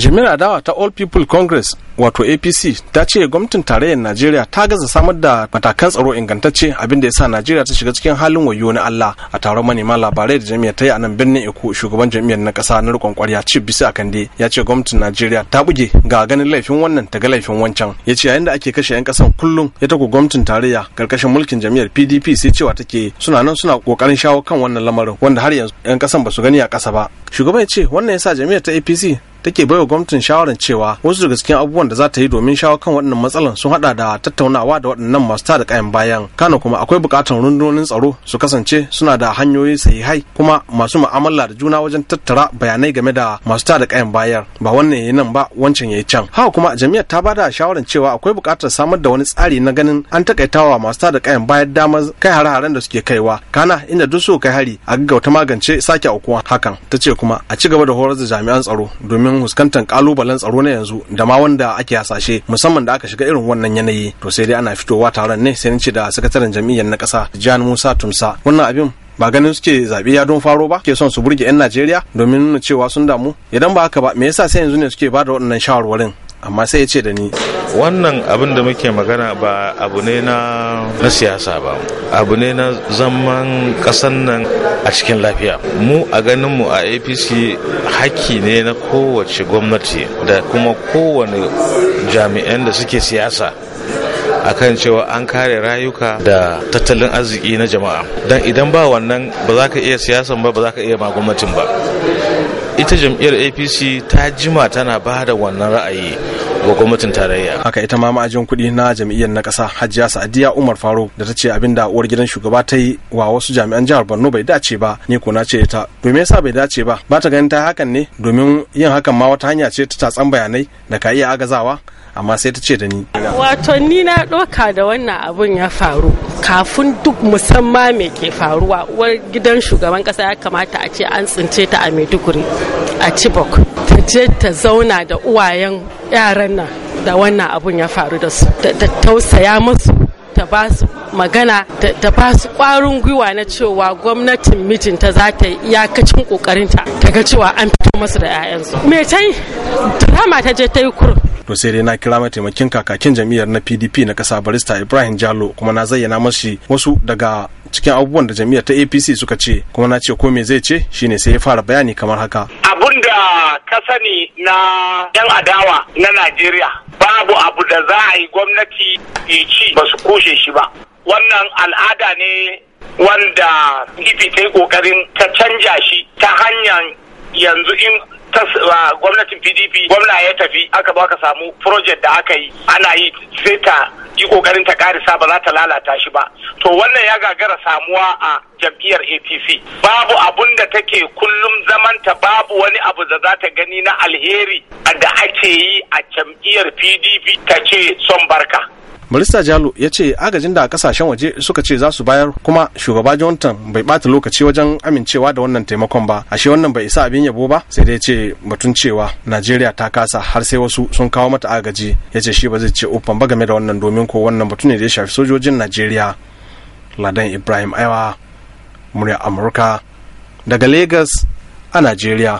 jami'ar adawa ta all people congress wato apc ta ce gwamnatin tarayyar najeriya ta gaza samar da matakan tsaro ingantacce abinda ya sa najeriya ta shiga cikin halin wayo na allah a taron manema labarai da jami'ar ta yi a nan birnin eko shugaban jami'ar na kasa na rikon kwarya chief bisa akande ya ce gwamnatin najeriya ta buge ga ganin laifin wannan ta ga laifin wancan ya ce yayin da ake kashe 'yan kasan kullum ya tako gwamnatin tarayya karkashin mulkin jami'ar pdp sai cewa take suna nan suna kokarin shawo kan wannan lamarin wanda har yanzu 'yan kasan ba su gani a kasa ba shugaban ya ce wannan ya sa jami'ar ta apc take baiwa gwamnatin shawarar cewa wasu daga cikin abubuwan da za ta yi domin shawo kan waɗannan matsalan sun hada da tattaunawa da waɗannan masu tada kayan bayan kana kuma akwai buƙatar rundunonin tsaro su kasance suna da hanyoyi sahihai kuma masu mu'amala da juna wajen tattara bayanai game da masu tada kayan bayan ba wannan yayi nan ba wancan yayi can haka kuma jami'ar ta bada shawarar cewa akwai buƙatar samar da wani tsari na ganin an takaitawa masu tada kayan bayan damar kai hare-haren da suke kaiwa kana inda duk su kai hari a gaggauta magance sake aukuwa hakan ta kuma a ci gaba da horar da jami'an tsaro domin domin fuskantar kalubalen tsaro na yanzu da ma wanda ake hasashe musamman da aka shiga irin wannan yanayi to sai dai ana fitowa taron ne sai ce da sakataren jam'iyyar na ƙasa jan musa tumsa wannan abin ba ganin suke zaɓe ya don faro ba ke son su burge 'yan najeriya domin nuna cewa sun damu idan ba haka ba me yasa sai yanzu ne suke ba da waɗannan shawarwarin amma sai ya ce da ni wannan abin da muke magana ba abu ne na siyasa ba abu ne na zaman kasan nan a cikin lafiya mu a ganin mu a apc haƙƙi ne na kowace gwamnati da kuma kowane jami'an da suke siyasa akan cewa an kare rayuka da tattalin arziki na jama'a don idan ba wannan ba za ka iya siyasan ba ba za ka iya ma gwamnatin ba ita jam'iyyar apc ta jima tana ba da wannan ra'ayi ga gwamnatin tarayya haka ita ma ma'ajin kuɗi na jam'iyyar na ƙasa hajiya sa'adiya umar faruk da ta ce abin da uwar gidan shugaba ta yi wa wasu jami'an jihar borno bai dace ba ni ko na ce ta domin yasa bai dace ba ba ta ganin ta hakan ne domin yin hakan ma wata hanya ce ta tatsan bayanai da ka iya agazawa amma sai ta ce da ni. Wato ni na ɗauka da wannan abun ya faru kafin duk musamman mai ke faruwa uwar gidan shugaban ƙasa ya kamata a ce an tsince ta a Maiduguri a Chibok ta je ta zauna da uwayen yaran nan da wannan abun ya faru da su ta tausaya musu ta ba su magana ta ba su kwarin gwiwa na cewa gwamnatin mijinta za ta yi iyakacin kokarinta ta ga cewa an fito masu da 'ya'yansu me ta yi drama ta je ta yi kurum to sai dai na kira mataimakin kakakin jam'iyyar na pdp na kasa barista ibrahim jalo kuma na zayyana mashi wasu daga cikin abubuwan da jam'iyyar ta apc suka ce kuma na ce ko me zai ce shine sai ya fara bayani kamar haka abun da ka sani na 'yan adawa na Najeriya babu abu da za a yi gwamnati ya ci ba su kushe shi ba. Wannan al'ada ne wanda ifi ta yi ƙoƙarin ta canja shi ta hanyar yanzu in gwamnatin PDP gwamna ya tafi aka ba ka samu project da aka yi ana yi sai ta yi kokarin ta karisa ba za ta lalata shi ba to wannan ya gagara samuwa a jam'iyyar apc babu abun da take kullum zamanta babu wani abu da za ta gani na alheri da ake yi a jam'iyyar pdp ta ce son barka Barista Jalo ya ce agajin da a kasashen waje suka ce za su bayar kuma shugaba Johnson bai bata lokaci wajen amincewa da wannan taimakon ba. Ashe wannan bai isa abin yabo ba sai dai ce batun cewa Najeriya ta kasa har sai wasu sun kawo mata agaji ya ce shi ba zai ce uffan ba game da wannan domin ko wannan batu ne da ya shafi sojojin Najeriya. Ladan Ibrahim Aiwa, murya Amurka daga Lagos a Najeriya.